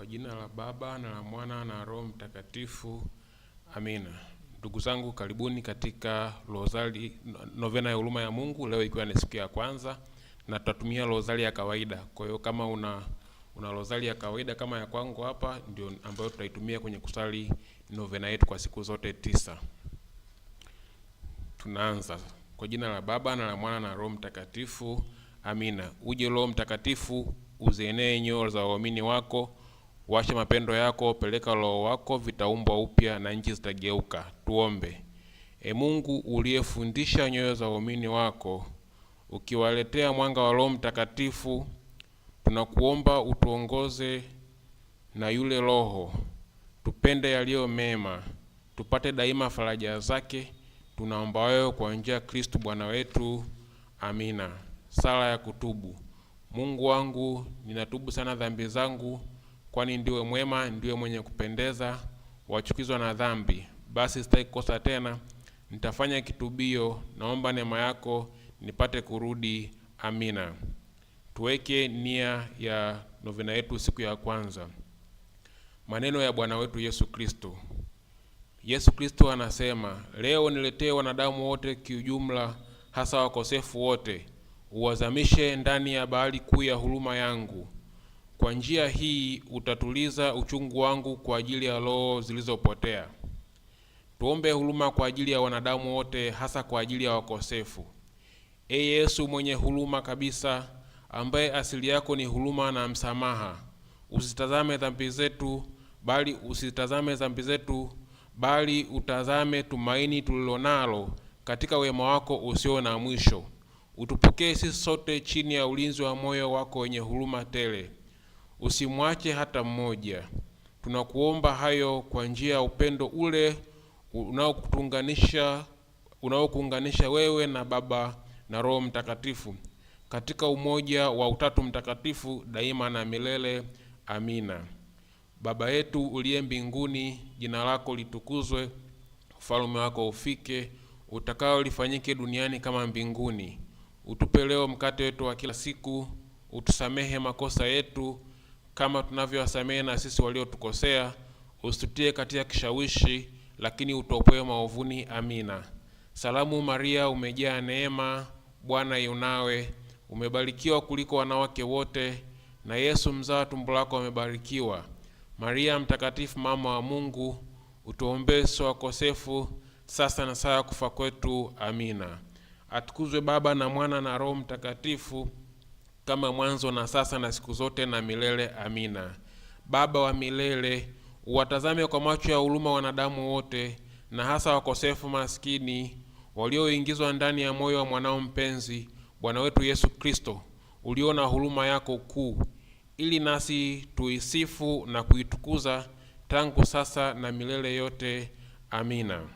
Kwa jina la Baba na la Mwana na Roho Mtakatifu, amina. Ndugu zangu, karibuni katika Rozari, novena ya huruma ya Mungu, leo ikiwa ni siku ya kwanza, na tutatumia rozari ya kawaida. Kwa hiyo kama una una rozari ya kawaida kama ya kwangu hapa, ndio ambayo tutaitumia kwenye kusali novena yetu kwa siku zote tisa. Tunaanza kwa jina la Baba na la Mwana na Roho Mtakatifu, amina. Uje Roho Mtakatifu, uzienee nyoyo za waumini wako Washa mapendo yako, peleka Roho wako, vitaumbwa upya na nchi zitageuka. Tuombe. E Mungu uliyefundisha nyoyo za waumini wako ukiwaletea mwanga wa Roho Mtakatifu, tunakuomba utuongoze na yule Roho tupende yaliyo mema, tupate daima faraja zake. Tunaomba wewe kwa njia ya Kristu Bwana wetu, amina. Sala ya kutubu. Mungu wangu, ninatubu sana dhambi zangu kwani ndiwe mwema, ndiwe mwenye kupendeza, wachukizwa na dhambi. Basi sitaki kukosa tena, nitafanya kitubio, naomba neema yako nipate kurudi. Amina. Tuweke nia ya novena yetu siku ya kwanza. Maneno ya Bwana wetu Yesu Kristo. Yesu Kristo anasema, leo niletee wanadamu wote kiujumla, hasa wakosefu wote, uwazamishe ndani ya bahari kuu ya huruma yangu kwa njia hii utatuliza uchungu wangu kwa ajili ya roho zilizopotea. Tuombe huruma kwa ajili ya wanadamu wote, hasa kwa ajili ya wakosefu. E Yesu mwenye huruma kabisa, ambaye asili yako ni huruma na msamaha, usitazame dhambi zetu bali usitazame dhambi zetu bali utazame tumaini tulilonalo katika wema wako usio na mwisho. Utupokee sisi sote chini ya ulinzi wa moyo wako wenye huruma tele usimwache hata mmoja. Tunakuomba hayo kwa njia ya upendo ule unaokutunganisha unaokuunganisha wewe na Baba na Roho Mtakatifu katika umoja wa Utatu Mtakatifu daima na milele. Amina. Baba yetu uliye mbinguni, jina lako litukuzwe, ufalme wako ufike, utakaolifanyike lifanyike duniani kama mbinguni. Utupe leo mkate wetu wa kila siku, utusamehe makosa yetu kama tunavyowasamehe na sisi waliotukosea, usitutie katika kishawishi, lakini utuopoe maovuni. Amina. Salamu Maria, umejaa neema, Bwana yunawe umebarikiwa kuliko wanawake wote, na Yesu mzaa tumbo lako amebarikiwa. Maria Mtakatifu, mama wa Mungu, utuombee sisi wakosefu, sasa na saa ya kufa kwetu. Amina. Atukuzwe Baba na Mwana na Roho Mtakatifu kama mwanzo na sasa na siku zote na milele amina. Baba wa milele, uwatazame kwa macho ya huruma wanadamu wote, na hasa wakosefu maskini walioingizwa ndani ya moyo wa mwanao mpenzi Bwana wetu Yesu Kristo, uliona huruma yako kuu, ili nasi tuisifu na kuitukuza tangu sasa na milele yote. Amina.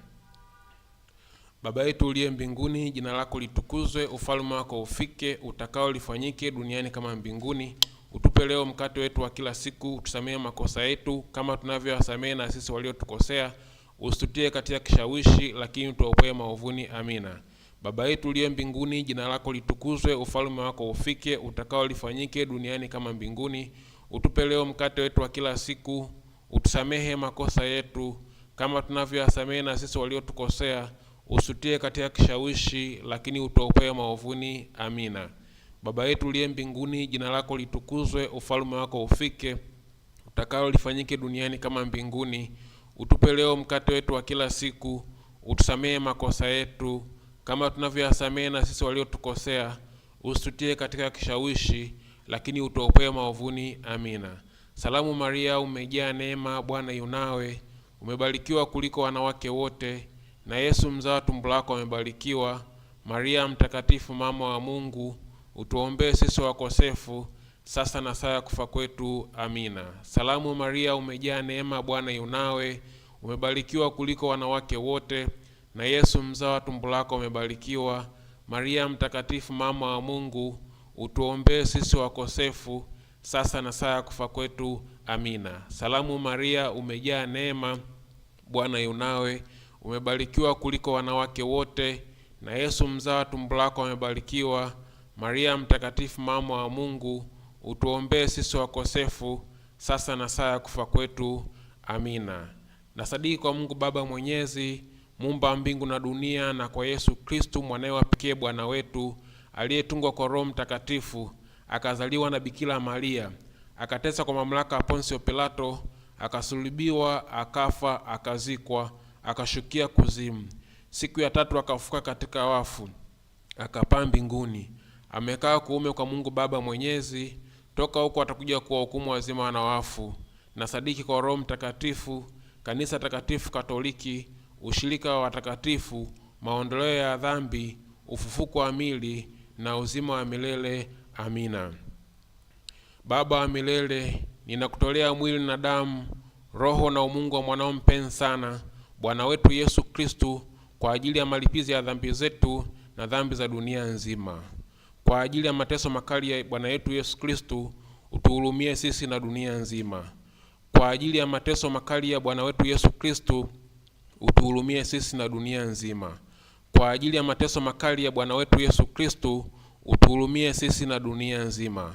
Baba yetu uliye mbinguni, jina lako litukuzwe, ufalme wako ufike, utakao lifanyike duniani kama mbinguni. Utupe leo mkate wetu wa kila siku, utusamehe makosa yetu kama tunavyowasamehe na sisi waliotukosea, usitutie katika kishawishi, lakini utuopoe maovuni. Amina. Baba yetu uliye mbinguni, jina lako litukuzwe, ufalme wako ufike, utakao lifanyike duniani kama mbinguni. Utupe leo mkate wetu wa kila siku, utusamehe makosa yetu kama tunavyowasamehe na sisi waliotukosea usutie katika kishawishi, lakini utuopoe maovuni. Amina. Baba yetu uliye mbinguni, jina lako litukuzwe, ufalme wako ufike, utakalo lifanyike duniani kama mbinguni. Utupe leo mkate wetu wa kila siku, utusamehe makosa yetu kama tunavyoyasamehe na sisi waliotukosea, usitutie katika kishawishi, lakini utuopoe maovuni. Amina. Salamu Maria, umejaa neema, Bwana yunawe, umebarikiwa kuliko wanawake wote na Yesu mzao tumbo lako amebarikiwa. Maria mtakatifu, mama wa Mungu, utuombee sisi wakosefu, sasa na saa ya kufa kwetu. Amina. Salamu Maria, umejaa neema, Bwana yunawe, umebarikiwa kuliko wanawake wote, na Yesu mzao tumbo lako amebarikiwa. Maria mtakatifu, mama wa Mungu, utuombee sisi wakosefu, sasa na saa ya kufa kwetu. Amina. Salamu Maria, umejaa neema, Bwana yunawe umebarikiwa kuliko wanawake wote, na Yesu mzaa tumbo lako amebarikiwa. Maria Mtakatifu, mama wa Mungu, utuombee sisi wakosefu, sasa na saa ya kufa kwetu. Amina. Na sadiki kwa Mungu Baba Mwenyezi, muumba mbingu na dunia, na kwa Yesu Kristu mwanaye wa pekee Bwana wetu, aliyetungwa kwa Roho Mtakatifu, akazaliwa na Bikira Maria, akateswa kwa mamlaka ya Ponsio Pilato, akasulubiwa, akafa, akazikwa akashukia kuzimu, siku ya tatu akafuka katika wafu, akapaa mbinguni, amekaa kuume kwa Mungu Baba Mwenyezi. Toka huko atakuja kuwahukumu wazima na wafu, na sadiki kwa Roho Mtakatifu, kanisa takatifu Katoliki, ushirika wa watakatifu, maondoleo ya dhambi, ufufuko wa mili na uzima wa milele. Amina. Baba wa milele, ninakutolea mwili na damu, roho na umungu wa mwanao mpenzi sana Bwana wetu Yesu Kristu kwa ajili ya malipizi ya dhambi zetu na dhambi za dunia nzima. Kwa ajili ya mateso makali ya Bwana wetu Yesu Kristu utuhurumie sisi na dunia nzima. Kwa ajili ya mateso makali ya Bwana wetu Yesu Kristu utuhurumie sisi na dunia nzima. Kwa ajili ya mateso makali ya Bwana wetu Yesu Kristu utuhurumie sisi na dunia nzima.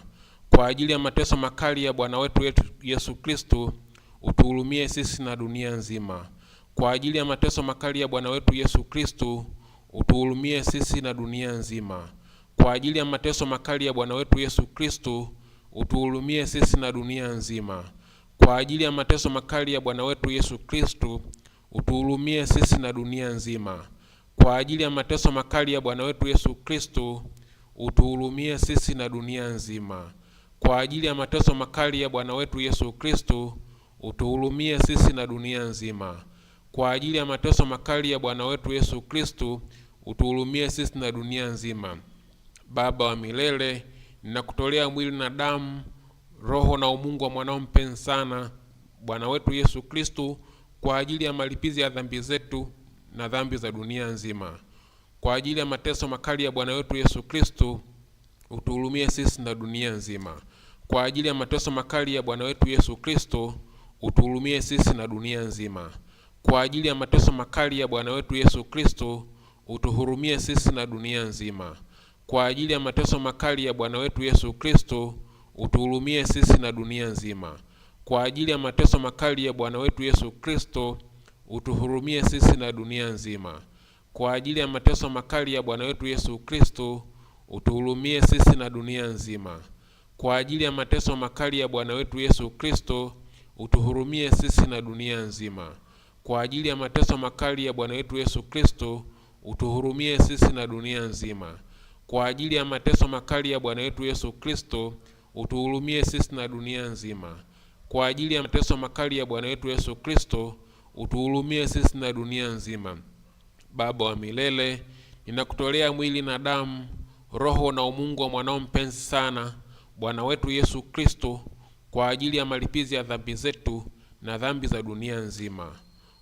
Kwa ajili ya mateso makali ya Bwana wetu Yesu Kristu utuhurumie sisi na dunia nzima. Kwa ajili ya mateso makali ya Bwana wetu Yesu Kristu utuhurumie sisi na dunia nzima. Kwa ajili ya mateso makali ya Bwana wetu Yesu Kristu utuhurumie sisi na dunia nzima. Kwa ajili ya mateso makali ya Bwana wetu Yesu Kristu utuhurumie sisi na dunia nzima. Kwa ajili ya mateso makali ya Bwana wetu Yesu Kristu utuhurumie sisi na dunia nzima. Kwa ajili ya mateso makali ya Bwana wetu Yesu Kristu utuhurumie sisi na dunia nzima kwa ajili ya mateso makali ya Bwana wetu Yesu Kristu, utuhurumie sisi na dunia nzima. Baba wa milele, ninakutolea mwili na damu, roho na umungu wa mwanao mpenzi sana, Bwana wetu Yesu Kristu, kwa ajili ya malipizi ya dhambi zetu na dhambi za dunia nzima. Kwa ajili ya mateso makali ya Bwana wetu Yesu Kristu, utuhurumie sisi na dunia nzima. Kwa ajili ya mateso makali ya Bwana wetu Yesu Kristo, utuhurumie sisi na dunia nzima kwa ajili ya mateso makali ya Bwana wetu Yesu Kristo, utuhurumie sisi na dunia nzima. Kwa ajili ya mateso makali ya Bwana wetu Yesu Kristo, utuhurumie sisi na dunia nzima. Kwa ajili ya mateso makali ya Bwana wetu Yesu Kristo, utuhurumie sisi na dunia nzima. Kwa ajili ya mateso makali ya Bwana wetu Yesu Kristo, utuhurumie sisi na dunia nzima. Kwa ajili ya mateso makali ya Bwana wetu Yesu Kristo, utuhurumie sisi na dunia nzima kwa ajili ya mateso makali ya Bwana wetu Yesu Kristo, utuhurumie sisi na dunia nzima. Kwa ajili ya mateso makali ya Bwana wetu Yesu Kristo, utuhurumie sisi na dunia nzima. Kwa ajili ya mateso makali ya Bwana wetu Yesu Kristo, utuhurumie sisi na dunia nzima. Baba wa milele, ninakutolea mwili na damu, roho na umungu wa mwanao mpenzi sana, Bwana wetu Yesu Kristo, kwa ajili ya malipizi ya dhambi zetu na dhambi za dunia nzima.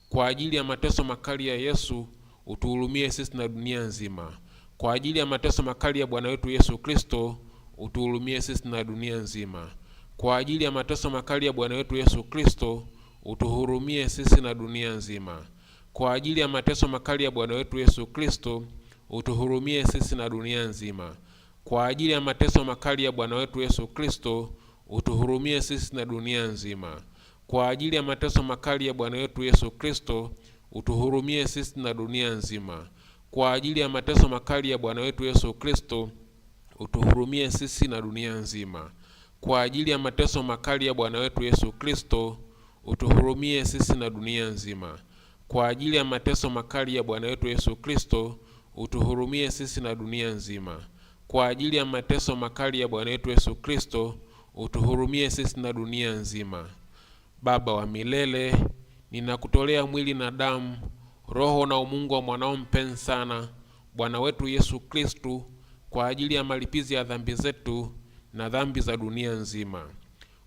Kwa ajili ya mateso makali ya Yesu utuhurumie sisi na dunia nzima. Kwa ajili ya mateso makali ya Bwana wetu Yesu Kristo utuhurumie sisi na dunia nzima. Kwa ajili ya mateso makali ya Bwana wetu Yesu Kristo utuhurumie sisi na dunia nzima. Kwa ajili ya mateso makali ya Bwana wetu Yesu Kristo utuhurumie sisi na dunia nzima. Kwa ajili ya mateso makali ya Bwana wetu Yesu Kristo utuhurumie sisi na dunia nzima kwa ajili ya mateso makali ya Bwana wetu Yesu Kristo, utuhurumie sisi na dunia nzima. Kwa ajili ya mateso makali ya Bwana wetu Yesu Kristo, utuhurumie sisi na dunia nzima. Kwa ajili ya mateso makali ya Bwana wetu Yesu Kristo, utuhurumie sisi na dunia nzima. Kwa ajili ya mateso makali ya Bwana wetu Yesu Kristo, utuhurumie sisi na dunia nzima. Kwa ajili ya mateso makali ya Bwana wetu Yesu Kristo, utuhurumie sisi na dunia nzima. Baba wa milele, ninakutolea mwili na damu, roho na umungu wa mwanao mpenzi sana, Bwana wetu Yesu Kristu, kwa ajili ya malipizi ya dhambi zetu na dhambi za dunia nzima.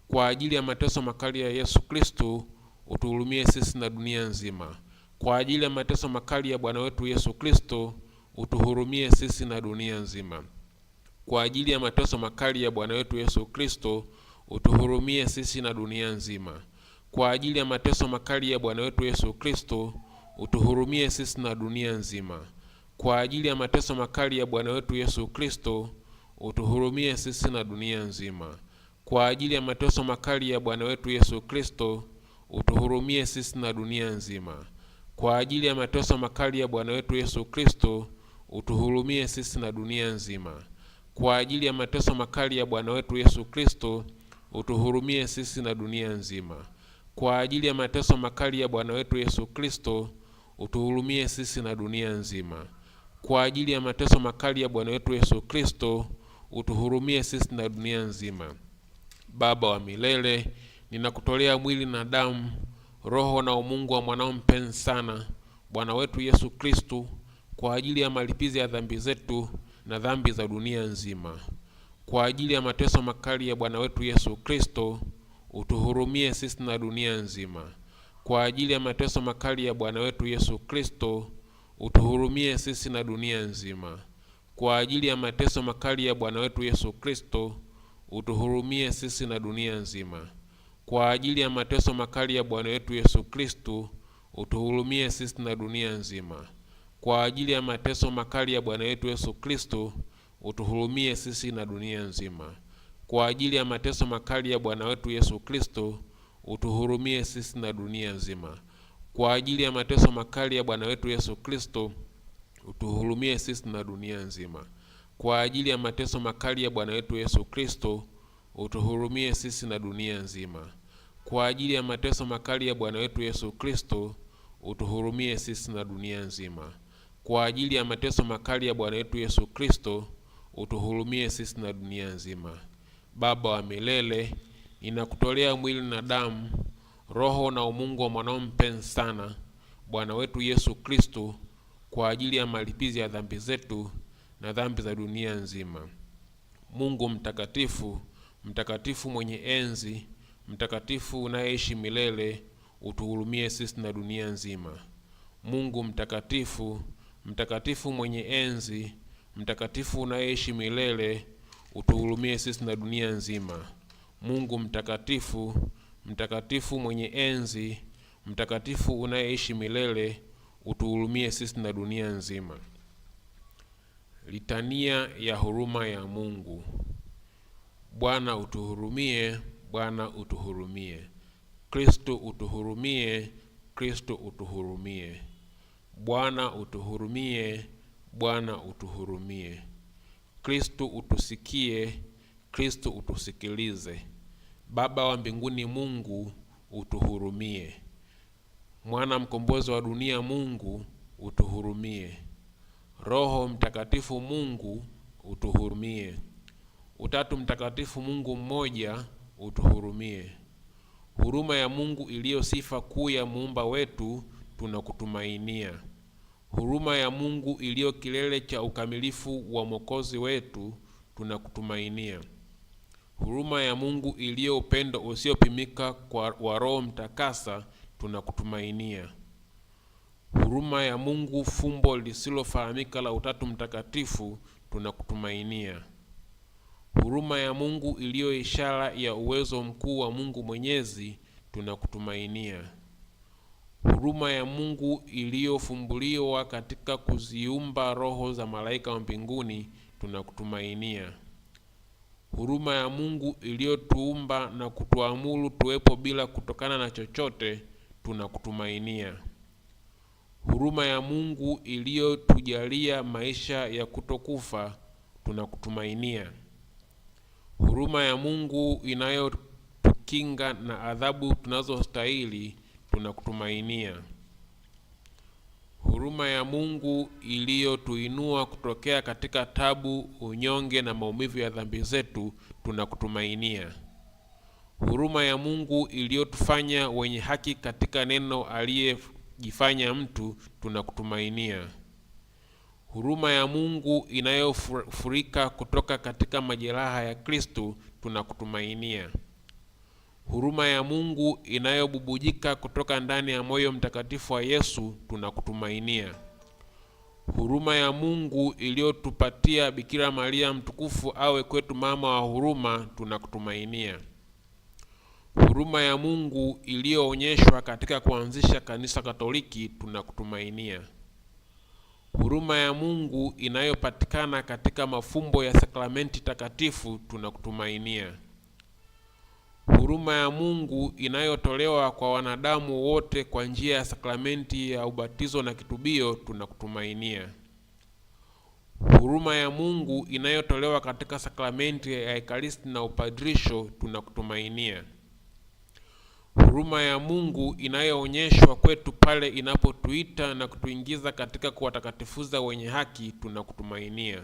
Kwa ajili ya mateso makali ya Yesu Kristu, utuhurumie sisi na dunia nzima. Kwa ajili ya mateso makali ya Bwana wetu Yesu Kristu, utuhurumie sisi na dunia nzima. Kwa ajili ya mateso makali ya Bwana wetu Yesu Kristo, utuhurumie sisi na dunia nzima kwa ajili ya mateso makali ya Bwana wetu Yesu Kristo, utuhurumie sisi na dunia nzima. Kwa ajili ya mateso makali ya Bwana wetu Yesu Kristo, utuhurumie sisi na dunia nzima. Kwa ajili ya mateso makali ya Bwana wetu Yesu Kristo, utuhurumie sisi na dunia nzima. Kwa ajili ya mateso makali ya Bwana wetu Yesu Kristo, utuhurumie sisi na dunia nzima. Kwa ajili ya mateso makali ya Bwana wetu Yesu Kristo, utuhurumie sisi na dunia nzima. Kwa ajili ya mateso makali ya Bwana wetu Yesu Kristo utuhurumie sisi na dunia nzima. Kwa ajili ya mateso makali ya Bwana wetu Yesu Kristo utuhurumie sisi na dunia nzima. Baba wa milele, ninakutolea mwili na damu, roho na umungu wa mwanao mpenzi sana Bwana wetu Yesu Kristo kwa ajili ya malipizi ya dhambi zetu na dhambi za dunia nzima. Kwa ajili ya mateso makali ya Bwana wetu Yesu Kristo utuhurumie sisi na dunia nzima. Kwa ajili ya mateso makali ya Bwana wetu Yesu Kristo, utuhurumie sisi na dunia nzima. Kwa ajili ya mateso makali ya Bwana wetu Yesu Kristo, utuhurumie sisi na dunia nzima. Kwa ajili ya mateso makali ya Bwana wetu Yesu Kristo, utuhurumie sisi na dunia nzima. Kwa ajili ya mateso makali ya Bwana wetu Yesu Kristo, utuhurumie sisi na dunia nzima kwa ajili ya mateso makali ya Bwana wetu Yesu Kristo, utuhurumie sisi na dunia nzima. Kwa ajili ya mateso makali ya Bwana wetu Yesu Kristo, utuhurumie sisi na dunia nzima. Kwa ajili ya mateso makali ya Bwana wetu Yesu Kristo, utuhurumie sisi na dunia nzima. Kwa ajili ya mateso makali ya Bwana wetu Yesu Kristo, utuhurumie sisi na dunia nzima. Kwa ajili ya mateso makali ya Bwana wetu Yesu Kristo, utuhurumie sisi na dunia nzima. Baba wa milele, ninakutolea mwili na damu, roho na umungu wa mwanao mpenzi sana, Bwana wetu Yesu Kristo, kwa ajili ya malipizi ya dhambi zetu na dhambi za dunia nzima. Mungu mtakatifu, mtakatifu mwenye enzi, mtakatifu unayeishi milele, utuhurumie sisi na dunia nzima. Mungu mtakatifu, mtakatifu mwenye enzi, mtakatifu unayeishi milele utuhurumie sisi na dunia nzima. Mungu mtakatifu, mtakatifu mwenye enzi, mtakatifu unayeishi milele, utuhurumie sisi na dunia nzima. Litania ya huruma ya Mungu. Bwana utuhurumie, Bwana utuhurumie. Kristo utuhurumie, Kristo utuhurumie. Bwana utuhurumie, Bwana utuhurumie. Kristo utusikie, Kristu utusikilize. Baba wa mbinguni, Mungu utuhurumie. Mwana mkombozi wa dunia, Mungu utuhurumie. Roho Mtakatifu, Mungu utuhurumie. Utatu Mtakatifu, Mungu mmoja, utuhurumie. Huruma ya Mungu iliyo sifa kuu ya muumba wetu tunakutumainia. Huruma ya Mungu iliyo kilele cha ukamilifu wa Mwokozi wetu tunakutumainia. Huruma ya Mungu iliyo upendo usiopimika kwa wa Roho Mtakasa tunakutumainia. Huruma ya Mungu fumbo lisilofahamika la Utatu Mtakatifu tunakutumainia. Huruma ya Mungu iliyo ishara ya uwezo mkuu wa Mungu Mwenyezi tunakutumainia huruma ya Mungu iliyofumbuliwa katika kuziumba roho za malaika wa mbinguni, tunakutumainia. Huruma ya Mungu iliyotuumba na kutuamuru tuwepo bila kutokana na chochote, tunakutumainia. Huruma ya Mungu iliyotujalia maisha ya kutokufa, tunakutumainia. Huruma ya Mungu inayotukinga na adhabu tunazostahili tunakutumainia. Huruma ya Mungu iliyotuinua kutokea katika tabu, unyonge na maumivu ya dhambi zetu, tunakutumainia. Huruma ya Mungu iliyotufanya wenye haki katika neno aliyejifanya mtu, tunakutumainia. Huruma ya Mungu inayofurika kutoka katika majeraha ya Kristo, tunakutumainia huruma ya Mungu inayobubujika kutoka ndani ya moyo mtakatifu wa Yesu tunakutumainia. Huruma ya Mungu iliyotupatia Bikira Maria mtukufu awe kwetu mama wa huruma tunakutumainia. Huruma ya Mungu iliyoonyeshwa katika kuanzisha kanisa Katoliki tunakutumainia. Huruma ya Mungu inayopatikana katika mafumbo ya sakramenti takatifu tunakutumainia huruma ya Mungu inayotolewa kwa wanadamu wote kwa njia ya sakramenti ya ubatizo na kitubio, tunakutumainia. Huruma ya Mungu inayotolewa katika sakramenti ya Ekaristi na upadrisho tunakutumainia. Huruma ya Mungu inayoonyeshwa kwetu pale inapotuita na kutuingiza katika kuwatakatifuza wenye haki, tunakutumainia.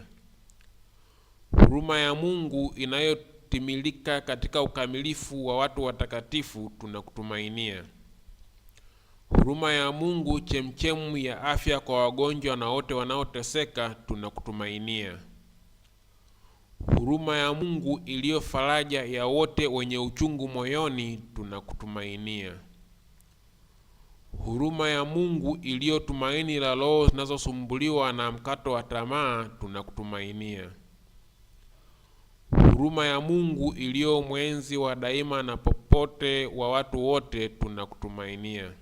Huruma ya Mungu inayo kutimilika katika ukamilifu wa watu watakatifu tunakutumainia. Huruma ya Mungu, chemchemu ya afya kwa wagonjwa na wote wanaoteseka, tunakutumainia. Huruma ya Mungu iliyo faraja ya wote wenye uchungu moyoni, tunakutumainia. Huruma ya Mungu iliyo tumaini la roho zinazosumbuliwa na mkato wa tamaa, tunakutumainia huruma ya Mungu iliyo mwenzi wa daima na popote wa watu wote, tunakutumainia.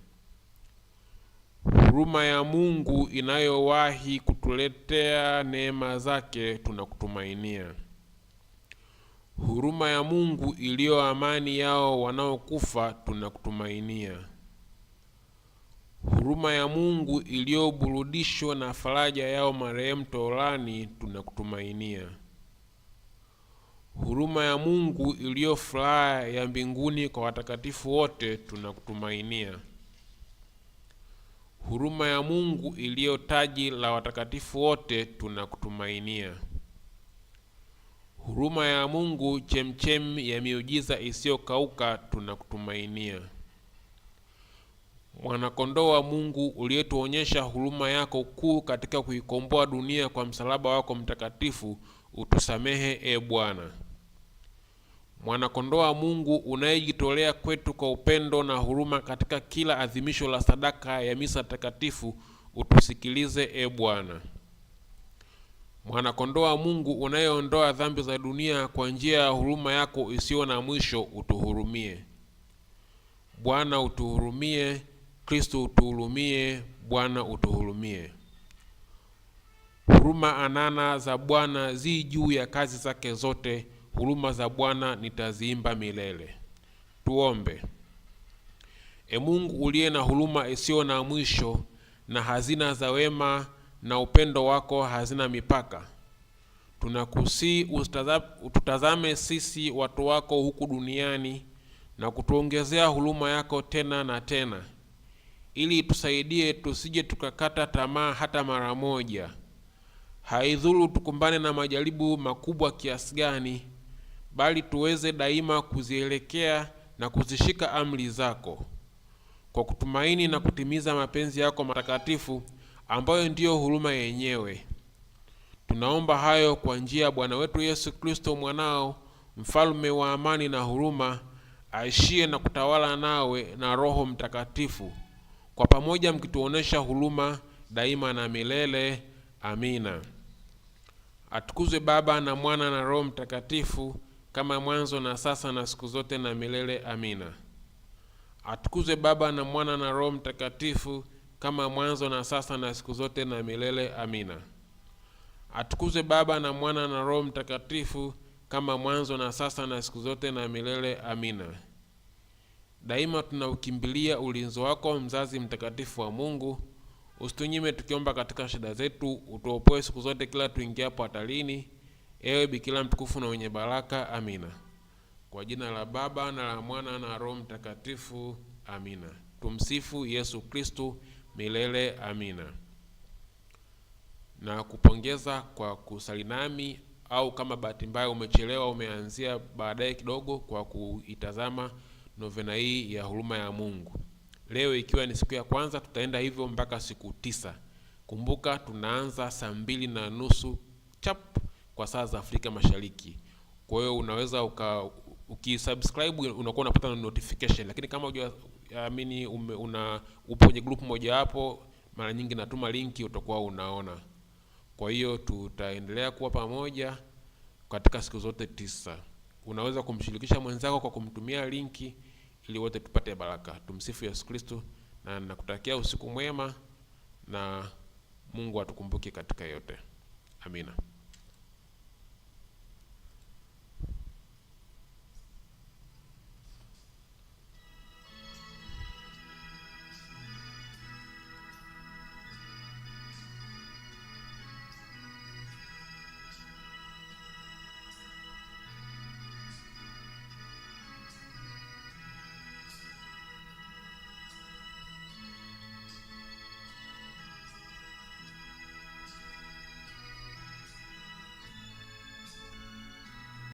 Huruma ya Mungu inayowahi kutuletea neema zake, tunakutumainia. Huruma ya Mungu iliyo amani yao wanaokufa, tunakutumainia. Huruma ya Mungu iliyoburudishwa na faraja yao marehemu toharani, tunakutumainia. Huruma ya Mungu iliyo furaha ya mbinguni kwa watakatifu wote tunakutumainia. Huruma ya Mungu iliyo taji la watakatifu wote tunakutumainia. Huruma ya Mungu chemchemi ya miujiza isiyokauka tunakutumainia. Mwanakondoo wa Mungu uliyetuonyesha huruma yako kuu katika kuikomboa dunia kwa msalaba wako mtakatifu, utusamehe e Bwana mwanakondoa wa Mungu unayejitolea kwetu kwa upendo na huruma katika kila adhimisho la sadaka ya misa takatifu, utusikilize e Bwana. mwanakondoa wa Mungu unayeondoa dhambi za dunia kwa njia ya huruma yako isiyo na mwisho, utuhurumie. Bwana utuhurumie. Kristo utuhurumie. Bwana utuhurumie. Huruma anana za Bwana zi juu ya kazi zake zote Huruma za Bwana nitaziimba milele. Tuombe. E Mungu uliye na huruma isiyo na mwisho na hazina za wema na upendo wako hazina mipaka, tunakusii ututazame sisi watu wako huku duniani na kutuongezea huruma yako tena na tena, ili tusaidie tusije tukakata tamaa hata mara moja, haidhuru tukumbane na majaribu makubwa kiasi gani bali tuweze daima kuzielekea na kuzishika amri zako kwa kutumaini na kutimiza mapenzi yako matakatifu ambayo ndiyo huruma yenyewe. Tunaomba hayo kwa njia ya Bwana wetu Yesu Kristo mwanao, mfalme wa amani na huruma, aishie na kutawala nawe na Roho Mtakatifu, kwa pamoja mkituonesha huruma daima na milele. Amina. Atukuzwe Baba na Mwana na Roho Mtakatifu kama mwanzo na sasa na siku zote na milele. Amina. Atukuzwe Baba na Mwana na Roho Mtakatifu, kama mwanzo na sasa na siku zote na milele. Amina. Atukuzwe Baba na Mwana na Roho Mtakatifu, kama mwanzo na sasa na siku zote na milele. Amina. Daima tunaukimbilia ulinzi wako, mzazi mtakatifu wa Mungu. Usitunyime tukiomba katika shida zetu, utuopoe siku zote kila tuingiapo hatalini ewe Bikira mtukufu na wenye baraka. Amina. Kwa jina la Baba na la Mwana na Roho Mtakatifu. Amina. Tumsifu Yesu Kristu milele. Amina. Na kupongeza kwa kusali nami, au kama bahati mbaya umechelewa, umeanzia baadaye kidogo, kwa kuitazama novena hii ya huruma ya Mungu. Leo ikiwa ni siku ya kwanza, tutaenda hivyo mpaka siku tisa. Kumbuka tunaanza saa mbili na nusu chap kwa saa za Afrika Mashariki. Kwa hiyo unaweza uka ukisubscribe unakuwa unapata notification, lakini kama hujaamini una upo kwenye group moja hapo, mara nyingi natuma linki utakuwa unaona. Kwa hiyo tutaendelea kuwa pamoja katika siku zote tisa. Unaweza kumshirikisha mwenzako kwa kumtumia linki ili wote tupate baraka. Tumsifu Yesu Kristo, na nakutakia usiku mwema na Mungu atukumbuke katika yote. Amina.